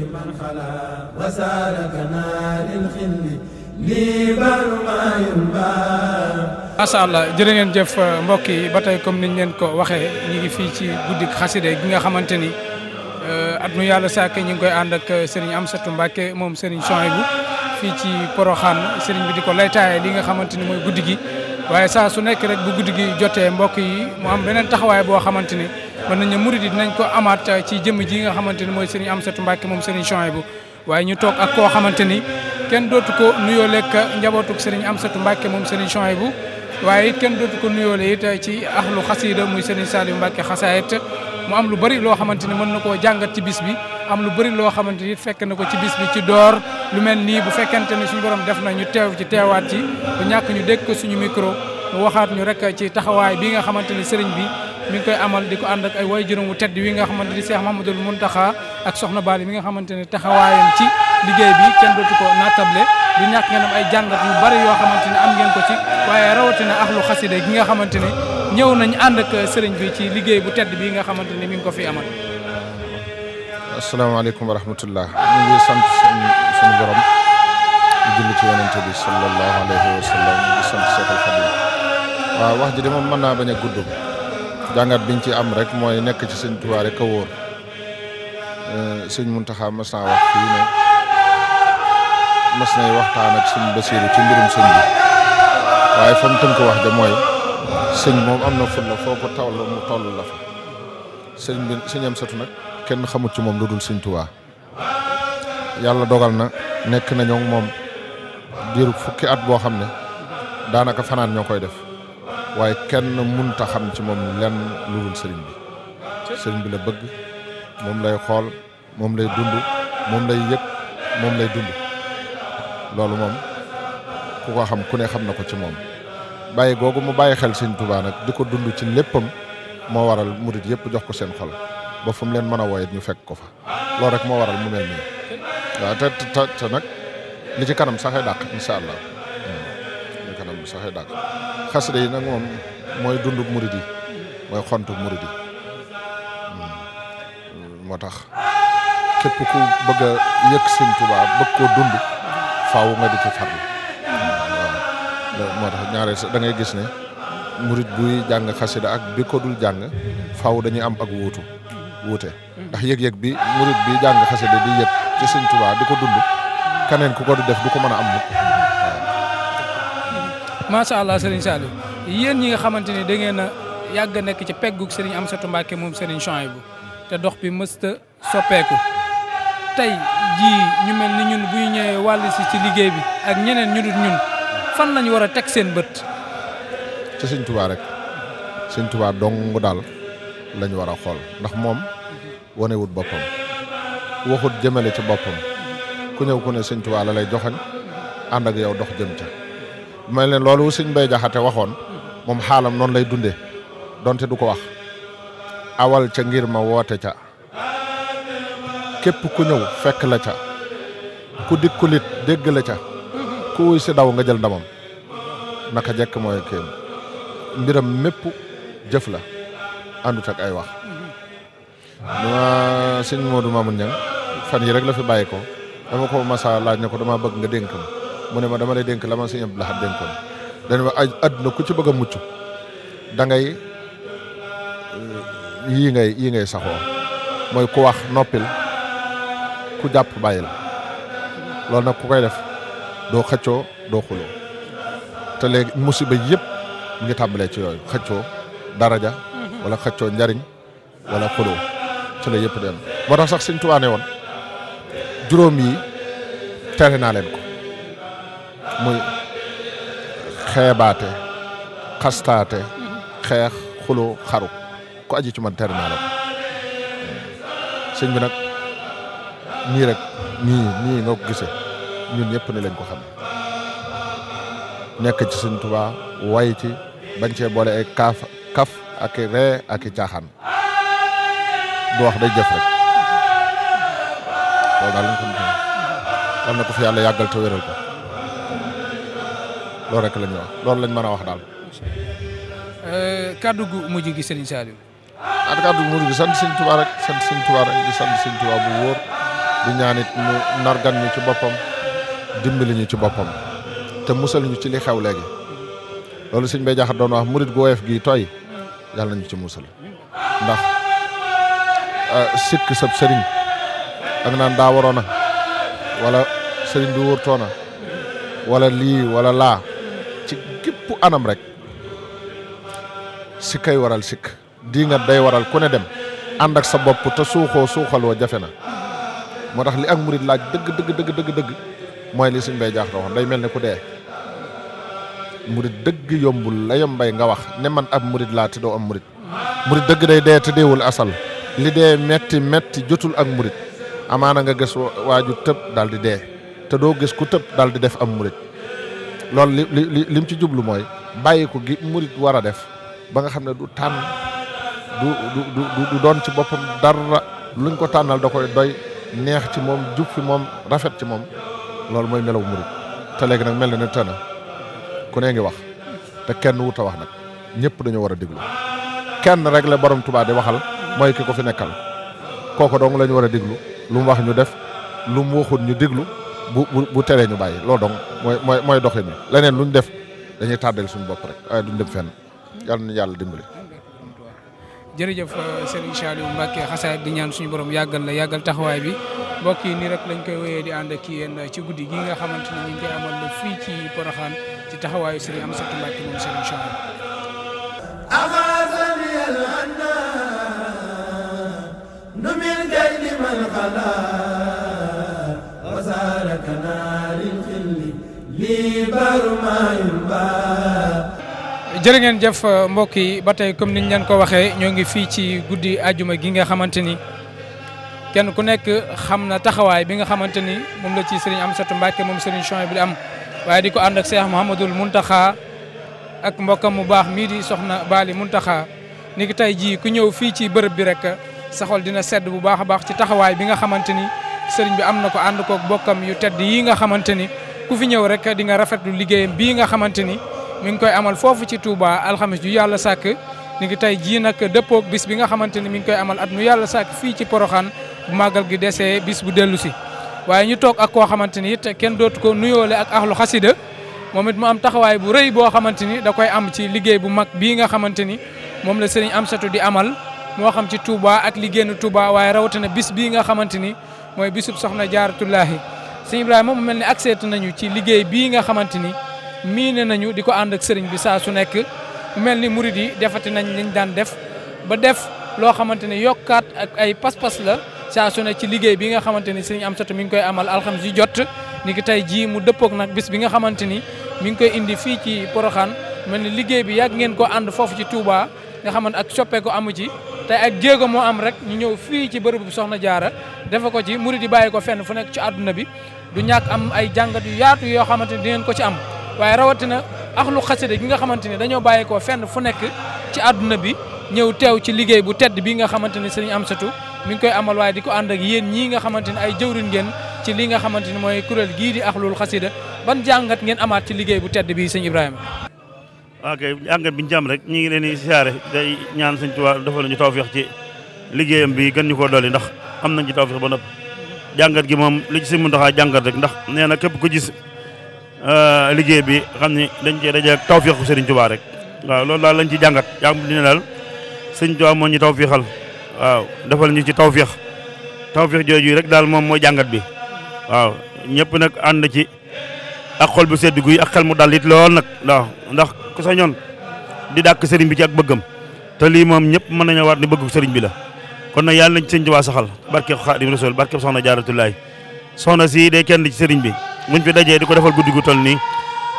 لمن خلا وسالكنا للخل lii baalu maa macha allah jërë ngeen jëf mbokk yi ba tey comme niñ leen ko waxee ñu ngi fii ci guddik xaside gi nga xamante ni at mu yàlla sàkk ñu ngi koy ànd ak am Amsatou Mbacke moom Serigne Souhaïbou fii ci Porokhane Serigne bi di ko lay li nga xamante ni mooy guddi gi waaye saa su nekk rek bu guddi gi jotee mbokk yi mu am beneen taxawaay boo xamante ni. mën nañ ne murid yi dinañ ko amaat ci jëmm ji nga xamante ni mooy Serigne Amsatou Mbacké moom Serigne Chouaïbou waaye ñu toog ak koo xamante ni kenn dootu ko nuyoo lekk njabootuk Serigne Amsatou Mbacké moom Serigne Chouaïbou waaye it kenn dootu ko nuyoole it ci axlu xasiida muy Serigne Saliou Mbacké xasaayit mu am lu bari loo xamante ni mën na koo jàngat ci bis bi am lu bëri loo xamante ni fekk na ko ci bis bi ci door lu mel nii bu fekkente ni suñu borom def na ñu teew ci teewaat ci bu ñàkk ñu dégg suñu micro mu waxaat ñu rek ci taxawaay bii nga xamante ni sëriñ bi mi ngi koy amal di ko ànd ak ay way juróom wu tedd wi nga xamante ni Cheikh Mahamadul Muntaxa ak soxna Bali mi nga xamante ne taxawaayam ci liggéey bi kenn dootu ko naatable du ñàkk ngeen am ay jàngat yu bari yoo xamante am ngeen ko ci waaye rawatina axlu xasida gi nga xamante ne ñëw nañ ànd ak sëriñ bi ci liggéey bu tedd bi nga xamante ne mi ngi ko fi amal. asalaamaaleykum wa rahmatullah ñu ngi sant suñu borom di ci yonente bi sallallahu alayhi wa sallam di sant Cheikh Al Khadim wax ji de moom mën naa bañ a gudd. jàngat biñ ci am rek mooy nekk ci sëñ Tuubaa rek a wóor eh, sëñ Muntaxa mas naa wax fii ne mas nay waxtaan ak sëñ Basiiru ci mbirum sëñ bi waaye fa mu tënk wax de mooy sëñ moom am na ful la foo ko taw la mu la fa sëñ bi sëñam satu nag kenn xamut ci moom lu dul sëñ Tuubaa yàlla dogal na nekk nañoo moom diiru fukki at boo xam ne daanaka fanaan ñoo koy def waaye kenn munta xam ci moom lenn lu dul sëriñ bi sëriñ bi la bëgg moom lay xool moom lay dund moom lay yëg moom lay dund loolu moom ku ko xam ku ne xam na ko ci moom bàyyi googu mu bàyyi xel sëriñ Tuubaa nag di ko dund ci léppam moo waral mu murit yëpp jox ko seen xol ba fu mu leen mën a woyit ñu fekk ko fa loolu rek moo waral mu ne nii waaw te te nag li ci kanam saxee dàq incha allah bu saxee xasida yi na moom mooy dundub murid yi mooy xontu murid yi hmm. moo tax képp ku bëgg a yëg Sëñ bëgg koo dund faaw nga di ci farlu hmm, waaw moo tax ñaare da ngay gis ne murid buy jàng xasida ak bi ko dul jàng faaw dañuy am ak wuutu wuute ndax yëg-yëg bi murid bi jàng xasida di yëg ci Sëñ Tuubaa di ko dund keneen ku ko du def du ko mën a am mukk macha allah Serigne Saliou yéen ñi nga xamante ni da ngeen a yàgg a nekk ci peggug Serigne Amsatou Mbacké moom Serigne Chouaïbou te dox bi mësta soppeeku tey jii ñu mel ni ñun buy ñëwee wàll si ci liggéey bi ak ñeneen ñu dul ñun fan lañu war a teg seen bët. ci Sëñ Tuubaa rek Sëñ Tuubaa dong daal lañu war a xool ndax moom wanewut boppam waxut jëmale ci boppam ku ñëw ku ne Sëñ Tuubaa la lay joxañ ànd ak yow dox jëm may leen loolu sëñ Mbay Jaxate waxoon moom xaalam noonu lay dundee donte du ko wax awal ca ngir ma woote ca képp ku ñëw fekk la ca ku dikkulit dégg la ca ku wuy si daw nga jël ndamam naka jekk mooy kéem mbiram mépp jëf la àndut ak ay wax dama moo du Mamoun Niang fan yi rek la fi bàyyi ko dama ko masa laaj ne ko dama bëgg nga dénk ma mu ne ma dama lay dénk la ma sëñ Abdou Lahad dénkoon dañ ma àdduna ku ci bëgg a mucc dangay eh, yii ngay yii ngay saxoo mooy ku wax noppil ku jàpp bàyyil loolu nag ku koy def doo xëccoo doo xuloo te léegi musiba yëpp mu ngi tàmbalee ci yooyu xëccoo daraja wala xëccoo njariñ wala xuloo ci la yëpp dem moo tax sax sëñ Tuubaa woon juróom yi tere naa leen ko muy xeebaate xastaate xeex xuloo xaru ku aji ci man tere naa la ko sëñ bi nag ñii rek nii nii nga gise ñun ñëpp ni lañ ko xam nekk ci sëñ Tuubaa way ci bañ cee boole ay kaaf kaf ak i ree ak i caaxaan du wax day jëf rek loolu daal lañ ko mën a wax fi yàlla yàggal te ko. loolu rek la loolu lañ mën a wax daal. Eh, kaddu gu mujj gi Serigne Saliou. ah kaddu gu mujj gi sant Serigne Touba rek sant Serigne Touba rek di sant Serigne Touba di ñaanit mu nargan ñu ci boppam dimbali ñu ci boppam te musal ñu ci li xew léegi loolu Serigne Baye Diakhar doon wax murit gu woyof gi tooy yàlla nañu ci musal ndax eh, sikk sab ak naan daa waroon a wala Serigne bi wóortoona walla lii walla laa. bépp anam rek sikkay waral sikk di nga day waral ku ne dem ànd ak sa bopp te suuxoo suuxaloo jafe na moo tax li ak murit laaj dëgg dëgg dëgg dëgg mooy li suñ bay jaax waxoon day mel ni ku dee murit dëgg yombul la yombay nga wax ne man ak murit laa te doo am murit murit dëgg day dee te deewul asal li dee metti metti jotul ak murit amaana nga gis waaju tëb daal di dee te doo gis ku tëb daal di def am murit loolu li li li ci jublu mooy bàyyi ko gi murit war a def ba nga xam ne du tànn du du doon ci boppam dara luñ ko tànnal doo ko doy neex ci moom jub fi moom rafet ci moom loolu mooy melaw murit te léegi nag mel na ne tëna ku nee ngi wax te kenn wut a wax nag ñëpp dañoo war a déglu kenn rek la borom Tuubaa di waxal mooy ki ko fi nekkal kooku dong la ñu war a déglu lu wax ñu def lu mu waxut ñu déglu bu bu bu teree ñu bàyyi loolu dong mooy mooy mooy doxin bi leneen lu ñu def dañuy tàddal suñu bopp rek waaye duñ dem fenn yàlla na yàlla dimbali. jërëjëf euh, Serigne Saliou Mbacke xasaay di ñaan suñu borom yàggal la yàggal taxawaay bi mbokk yi nii rek lañ koy wéyee di ànd ak yéen ci guddi gi nga xamante ni ñu ngi koy amal la fii ci Porokhane ci taxawaayu Serigne Amsatou Mbacke moom Serigne Saliou. jërë ngeen jëf euh, mbokk yi ba tey comme niñ leen ko waxee ñoo ngi fii ci guddi ajuma gi nga xamante ni kenn ku nekk xam na taxawaay bi nga xamante ni moom la ci sëriñ am Amsatou Mbacke moom sëriñ bu bi am waaye di ko ànd ak Cheikh Mouhamadul Mountakha ak mbokkam mu baax mii di soxna Bali Mountakha ni ki tey jii ku ñëw fii ci bërëb bi rek saxol dina sedd bu baax a baax ci taxawaay bi nga xamante ni sëriñ bi am na ko ànd koog bokkam yu tedd yi nga xamante ni ku fi ñëw rek di nga rafetlu liggéeyam bii nga xamante ni mi ngi koy amal foofu ci Touba alxames ju yàlla sàkk ni ngi tey jii nag dëppoog bis bi nga xamante ni mi ngi koy amal at mu yàlla sàkk fii ci Poroxaan bu màggal gi desee bis bu dellu si waaye ñu toog ak koo xamante ni it kenn dootu ko nuyoole ak axlu xasida moom it mu am taxawaay bu rëy boo xamante ni da koy am ci liggéey bu mag bii nga xamante ni moom la sëriñ Amsatu di amal moo xam ci Touba ak liggéeyu Touba waaye rawatina bis bii nga xamante ni mooy bisub soxna jaaratullaahi sëñ Ibrahima mu mel ni accepté nañu ci liggéey bii nga xamante ni miine nañu di ko ànd ak sëriñ bi saa su nekk mu mel ni murid yi defati nañ liñ daan def ba def loo xamante ni yokkaat ak ay pas-pas la saa su ne ci liggéey bi nga xamante ni sëriñ Amsatu mi ngi koy amal alxames yi jot ni ki tey jii mu dëppook nag bis bi nga xamante ni mi ngi koy indi fii ci Poroxaan mel ni liggéey bi yàgg ngeen ko ànd foofu ci Touba nga xamante ak soppeeku amu ci te ak jéego moo am rek ñu ñëw fii ci bërëb soxna jaara defe ko ci murid yi bàyyi ko fenn fu nekk ci àdduna bi du ñàkk am ay jàngat yu yaatu yoo xamante ni dingeen ko ci am waaye rawatina axlu xasida gi nga xamante ni dañoo bàyyi fenn fu nekk ci àdduna bi ñëw teew ci liggéey bu tedd bi nga xamante ni sëriñ Amsatu mi ngi koy amal waaye di ko ànd ak yéen ñii nga xamante ni ay jëwriñ ngeen ci li nga xamante ni mooy kuréel gii di axlul xasida ban jàngat ngeen amaat ci liggéey bu tedd bi sëñ Ibrahima waaw kay jàngat bi ñu jàmm rek ñu ngi leen di siyaare day ñaan sëñ Tuubaa dafa la ñu tawfeex ci liggéeyam bi gën ñu ko dolli ndax am nañ ci tawfeex ba noppi jàngat gi moom li ci si mën doxaa rek ndax nee na képp ku gis euh, liggéey bi xam ni dañ cee daje ak sëriñ Serigne Touba rek waaw loolu daal lañ ci jàngat yaa ngi ne daal Serigne Touba moo ñu tawféexal waaw defal ñu ci tawféex tawféex jooju rek daal moom mooy jàngat bi waaw ñëpp nag ànd ci ak xol bu sedd guy ak xel mu dal it lool nag ndax ku sañoon di dàkk sëriñ bi ci ak bëggam te lii moom ñëpp mën nañoo waat ni bëggu sëriñ bi la. kon nag yàlla nañ sëñ Tuubaa saxal barke Xaadim Rasuul barke soxna Jaaratullaay soxna si day kenn ci sëriñ bi muñ fi dajee di ko defal guddi gu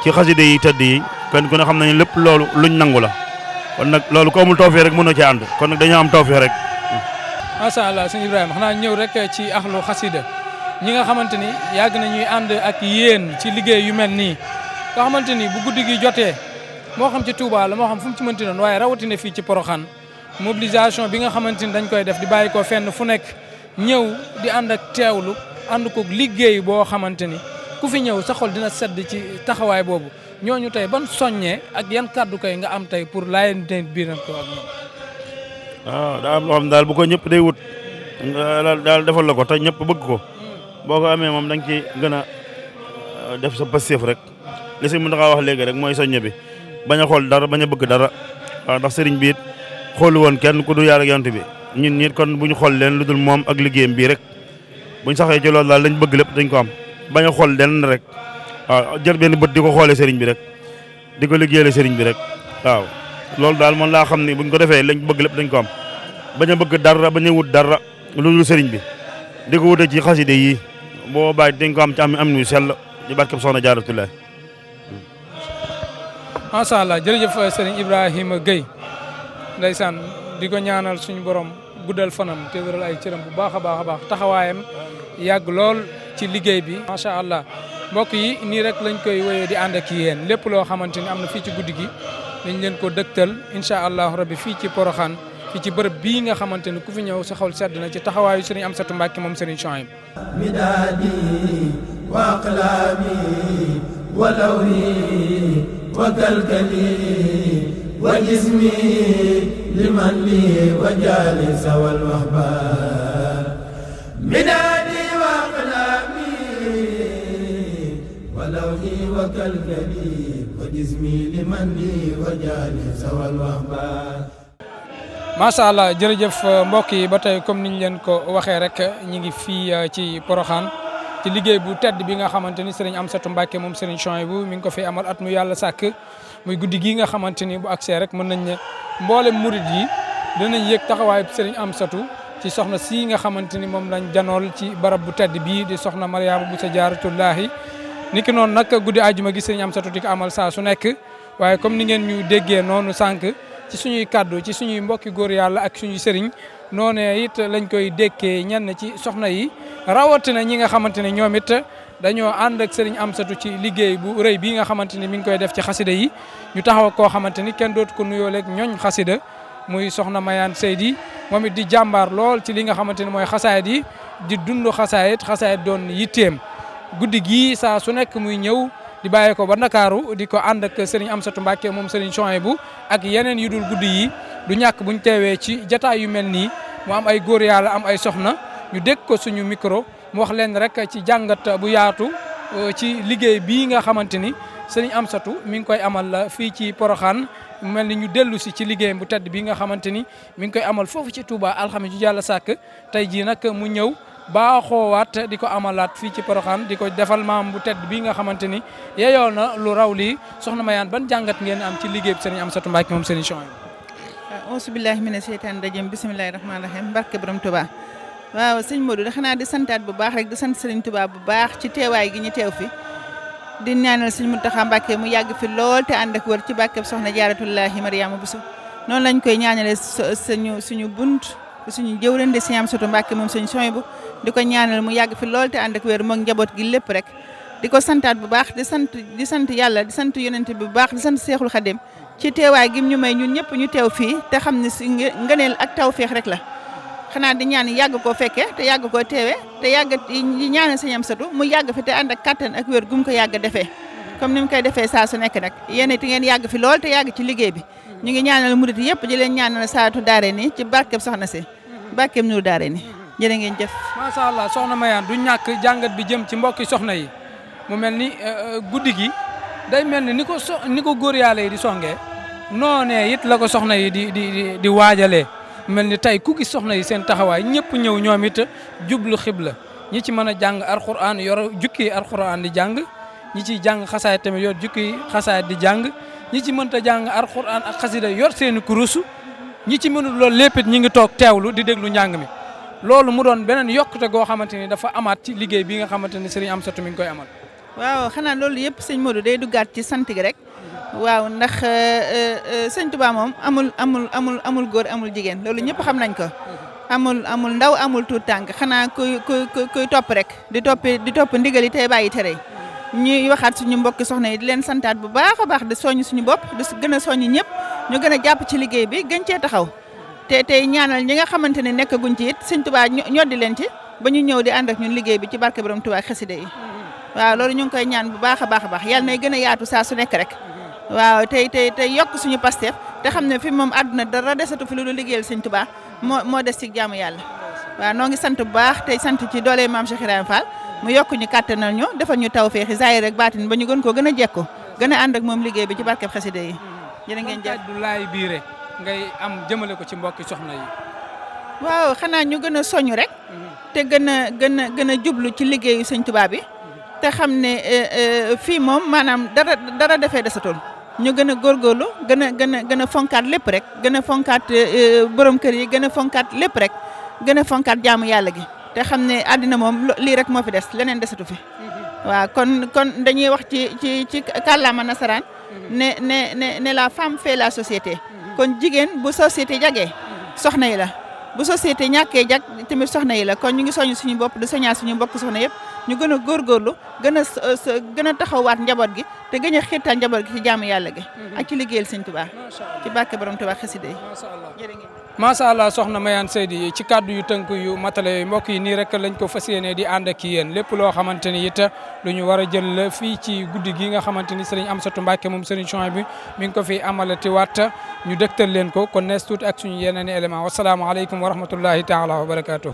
ci xasida yi tëdd yi kenn ku ne xam nañu lépp loolu luñ nangu la kon nag loolu ko amul tawfeex rek mën na cee ànd kon nag dañoo am tawfeex rek macha allah sëñ Ibrahima xanaa ñëw rek ci axlu xasida ñi nga xamante ni yàgg na ñuy ànd ak yéen ci liggéey yu mel nii nga xamante ni bu guddi gi jotee moo xam ci Touba la moo xam mobilisation bi nga xamante ni dañ koy def di bàyyi ko fenn fu nekk ñëw di ànd ak teewlu ànd ko liggéey boo xamante ni ku fi ñëw sa xol dina sedd ci taxawaay boobu ñooñu tey ban soññee ak yan kàddu koy nga am tey pour laayante biir nañ ko ah, loo daal bu ko ñëpp day wut daal defal la ko te ñëpp bëgg ko boo ko amee moom da nga ciy gën a euh, def sa passif rek li si mën nga wax léegi rek mooy soññe bi bañ a xool dara bañ bëgg dara waaw ndax sëriñ bi xoolu woon kenn ku du yàlla yonent bi ñu ñit kon bu ñu xool leen lu dul moom ak liggéeyam bii rek bu ñu saxee ci loolu daal lañ bëgg lépp dañ ko am bañ a xool leen rek waaw jël benn bët di ko xoolee sëriñ bi rek di ko liggéeyale sëriñ bi rek waaw loolu daal man laa xam ni buñ ko defee lañ bëgg lépp dañ ko am bañ a bëgg dara bañ a wut dara lu dul sëriñ bi di ko wute ci xaside yi boo bàyyi dañ ko am ci am am ñu sell di barkeb soxna Jaaratullaah macha allah jërëjëf sëriñ Ibrahima ndeysaan di ko ñaanal suñu borom guddal fanam te wéral ay cëram bu baax a baax a baax taxawaayam yàgg lool ci liggéey bi macha allah mbokk yi nii rek lañ koy wéyee di ànd ak yéen lépp loo xamante ni am na fii ci guddi gi dañ leen ko dëgtal incha allahu rabbi fii ci Poroxaan fii ci bërëb bii nga xamante ni ku fi ñëw sa xol sedd na ci taxawaayu sëriñ Amsatu Mbàkke moom sëriñ Chouaib midaadi wa aqlaami wa lawhi wa galgali وجسمي لمن لي وجالي سوى الوهبان منادي وأقلامي ولوحي وكالكليب وجسمي لمن لي وجالي سوى الوهبان macha allah jërëjëf mbokk yi ba tey comme niñ leen ko waxee rek ñi ngi fii ci Porokhane ci liggéey bu tedd bi nga xamante ni sëriñ Amsatou Mbacke moom sëriñ Chouaïbou mi ngi ko fi amal at mu yàlla sàkk muy guddi gii nga xamante ni bu accès rek mën nañ ne mboolem murit yi dinañ yëg taxawaayu sëriñ Amsatu ci soxna si nga xamante ni moom lañ janool ci barab bu tedd bii di soxna Mariama bu sa jaaratullaahi niki noonu nag guddi àjjuma gi sëriñ Amsatu di ko amal saa su nekk waaye comme ni ngeen ñu déggee noonu sànq ci suñuy kàddu ci suñuy mbokki góor yàlla ak suñuy sëriñ noonee it lañ koy dékkee ñenn ci soxna yi rawatina ñi nga xamante ne ñoom it dañoo ànd ak sëriñ Amsatu ci liggéey bu rëy bii nga xamante ni mi ngi koy def ci xasida yi ñu taxaw koo xamante ni kenn dootu ko nuyooleeg ñooñ xasida muy soxna Mayaan Seydi moom it di jàmbaar lool ci li nga xamante ni mooy xasaayit yi di dund xasaayit xasaayit doon yitteem guddi gii saa su nekk muy ñëw di bàyyee ko ba Ndakaaru di ko ànd ak sëriñ Amsatu Mbàkke moom sëriñ bu ak yeneen yu dul guddi yi du ñàkk buñ teewee ci jataay yu mel nii mu am ay góor yàlla am ay soxna ñu dégg ko suñu micro mu wax leen rek ci jàngat bu yaatu euh, ci liggéey bii nga xamante ni sëriñ Amsatu mi ngi koy amal euh, fii ci Poroxaan mel ni ñu dellu si ci liggéeyam bu tedd bi nga xamante ni mi ngi koy amal foofu ci Touba alxames ju Yàlla sàkk tey jii nag mu ñëw xoowaat di ko amalaat fii ci Poroxaan di ko defal maam bu tedd bi nga xamante ni yeyoo na lu raw lii soxna yaan ban jàngat ngeen am ci liggéey bi sëriñ Amsatu Mbàkke moom sëriñ Chouaïb. auzu billaahi mina seytaani rajiim bismillaahi rahmaani rahiim barke borom Touba. waaw sëñ Modou da xanaa di santaat bu baax rek di sant Serigne bu baax ci teewaay gi ñu teew fi di ñaanal sëñ Mountakha Mbacké mu yàgg fi lool te ànd ak wër ci bàkkeb soxna jaaratullahi Mariama Bousso noonu lañ koy ñaanale suñu suñu bunt suñu jëwriñ di siñaam soto Mbàkke moom suñu soñ bu di ko ñaanal mu yàgg fi lool te ànd ak wér moog njaboot gi lépp rek di ko santaat bu baax di sant di sant yàlla di sant yonent bu baax di sant seexul dem ci teewaay gi ñu may ñun ñëpp ñu teew fii te xam ne si ngëneel ak feex rek la xanaa di ñaan yàgg koo fekkee te yàgg koo teewe te yàgg di ñaanal sëñ Amsatu mu yàgg fi te ànd ak kattan ak wér gum ko yàgg defee comme ni mu koy defee saa su nekk nag yéen it ngeen yàgg fi lool te yàgg ci liggéey bi ñu ngi ñaanal murit yëpp di leen ñaanal saatu daare ni ci barkeb soxna si barkeb nuru daare ni jërë ngeen jëf macha allah soxna yaan du ñàkk jàngat bi jëm ci mbokki soxna yi mu mel ni euh, euh, guddi gi day mel ni ni ko so ni ko góor yàlla yi di songee noonee it la ko soxna yi di di di waajalee mel ni tey ku gis soxna yi seen taxawaay ñëpp ñëw ñoom it jublu xibla ñi ci mën a jàng alxuraan yor jukki alxuraan di jàng ñi ciy jàng xasaay tamit yor jukki xasaay di jàng ñi ci mënta jàng alxuraan ak xasida yor seeni kurus ñi ci mënul loolu lépp it ñi ngi toog teewlu di déglu njàng mi loolu mu doon beneen yokkute goo xamante ni dafa amaat ci liggéey bi nga xamante ni am Amsatou mi ngi koy amal. waaw xanaa loolu yëpp sëñ Modou day duggaat ci sant gi rek waaw ndax euh, euh, euh, sëñ Tuubaa moom amul amul amul amul góor amul jigéen loolu ñëpp xam nañ ko. amul amul ndaw amul tuut tànk xanaa kuy kuy kuy topp rek di toppi di topp ndigal yi tey bàyyi tere ñuy waxaat ñu mbokki soxna yi di leen santaat bu baax a baax di soññ suñu bopp di gën a soññ ñëpp ñu gën a jàpp ci liggéey bi gën cee taxaw te tey ñaanal ñi nga xamante ne nekkaguñ ci it sëñ Tuubaa ñoddi leen ci ba ñu ñëw di ànd ak ñun liggéey bi ci barke borom Tuubaa xaside yi waaw loolu ñu ngi koy ñaan bu baax a baax baax yàlla nay gën a yaatu saa su nekk rek waaw tey tey tey yokk suñu Pastef te xam ne fi moom àdduna dara desatu fi lu dul liggéeyal sëñ Tuubaa moo moo des ci jaamu yàlla waaw noo ngi sant bu baax tey sant ci doole maam Cheikh Ibrahima Fall mu yokk ñu defal ñu tawféexi zaahir ak baatin ba ñu gën koo gën a jekko gën a ànd ak moom liggéey bi ci barkeb xasida yi jërë ngeen jëf du laay ngay am jëmale ko ci mbokki soxna yi waaw xanaa ñu gën a soñu rek te gën a gën a gën a jublu ci liggéeyu sëñ Tuubaa bi te xam ne eh, eh, fii moom maanaam dara dara defee desatul ñu gën a góorgóorlu gën a gën gën a fonkaat lépp rek gën a fonkaat euh, euh, borom kër yi gën a fonkaat lépp rek gën a fonkaat jaamu yàlla gi te xam ne àddina moom lii rek moo fi des leneen desatu fi mm-hmm. waaw kon kon dañuy wax ci ci ci kàllaama nasaraan mm-hmm. ne ne ne ne la femme fait la société mm-hmm. kon jigéen bu société jagee soxna yi la bu société ñàkkee jag tamit soxna yi la kon ñu ngi soññ suñu bopp du soñaa suñu mbokk soxna yëpp ñu gën a góorgóorlu gën a sa euh, gën a taxawaat njaboot gi te gën a xiirtal njaboot gi ci jaamu yàlla gi. Mhm. ak ci liggéeyal sëñ Tuubaa ci barke borom Tuubaa xasida yi. macha allah soxna Mayane Seydi ci kàddu yu tënk yu matale mbokk yi nii rek lañ ko fas yéenee di ànd ak yéen lépp loo xamante ni it lu ñu war a jël la fii ci guddi gi nga xamante ni sëriñ Amsatu Mbàkke moom sëriñ Chouaib bi mi ngi ko fi amalati waat ñu dëgtal leen ko kon nees tuuti ak suñu yeneen i éléments wasalaamualeykum wa rahmatullahi wa barakaatu.